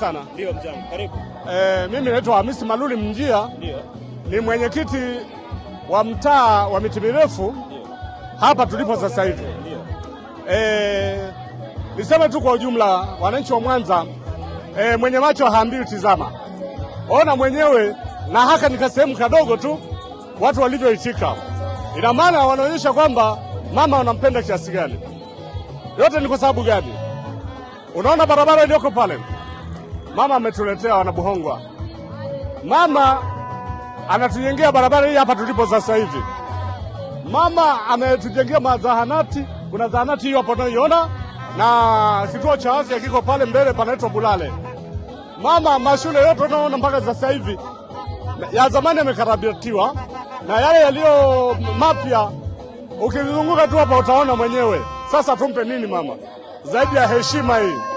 sana. Ndio mjangu, Karibu. Eh, mimi naitwa Hamisi Maluli Mnjia. Ndio. Ni mwenyekiti wa mtaa wa miti mirefu hapa tulipo sasa hivi. E, niseme tu kwa ujumla wananchi wa Mwanza e, mwenye macho haambiwi tizama, ona mwenyewe, na haka ni sehemu kadogo tu watu walivyoitika. Ina maana wanaonyesha kwamba mama wanampenda kiasi gani. Yote ni kwa sababu gani? Unaona barabara iliyoko pale mama ametuletea wanabuhongwa. Mama anatujengea barabara hii hapa tulipo sasa hivi. Mama ametujengea mazahanati, kuna zahanati hiyo hapo unayoiona, na kituo cha afya kiko pale mbele panaitwa Bulale. Mama mashule yote unaona mpaka sasa hivi ya zamani yamekarabatiwa na yale yaliyo mapya ukizunguka tu hapa utaona mwenyewe. Sasa tumpe nini mama zaidi ya heshima hii?